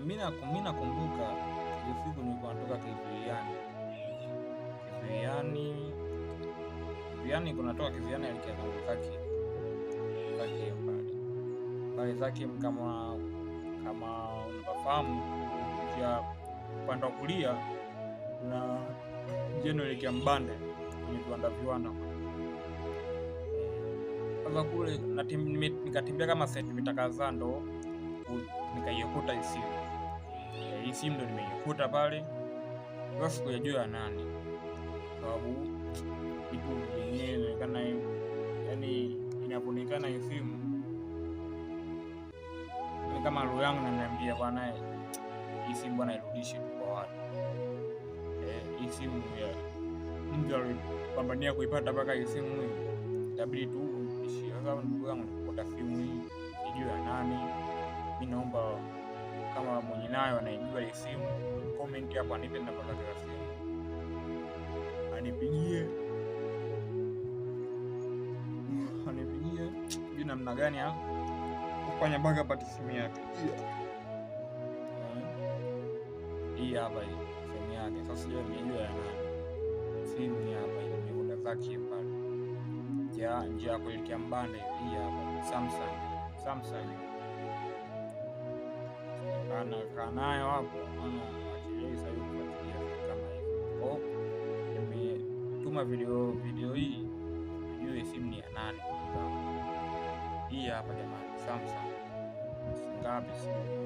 mimi ah, nakumbuka hiyo siku nilikuwa natoka Kiviani. Kiviani. Kiviani kuna toka Kiviani alikia kaki. Kaki pale. Pale zake kama kama unafahamu ya upande wa kulia na jeno ile Mbande kwenye viwanda viwanda. Sasa kule nikatembea kama sentimita kadhaa ndo nikaiyokuta simu ndo nimeikuta pale, sikujua ya nani, sababu vitu vyenyewe inaonekana yani, inaponekana hii simu ni kama roho yangu naniambia, bwana hii simu bwana irudishe kwa watu eh, hii simu ya mtu alipambania kuipata mpaka hii simu hii, itabidi tu urudishie. Sasa ndugu yangu, nikukuta simu hii, sijui ya nani, mimi naomba kama mwenye nayo anaijua hii simu, comment hapo anipe namba zake za simu, anipigie anipigie, juu namna gani ya kufanya backup ya simu yake. Hii hapa hii simu yake sasa, sijui nimejua ya nani simu hapa, ni imeunda zake pale, njia ya kuelekea mbali. Hii hapa Samsung, Samsung kukaa nayo hapo, nimetuma video video hii ujue simu ni ya nani hii hapa jamani, Samsung ngapi simu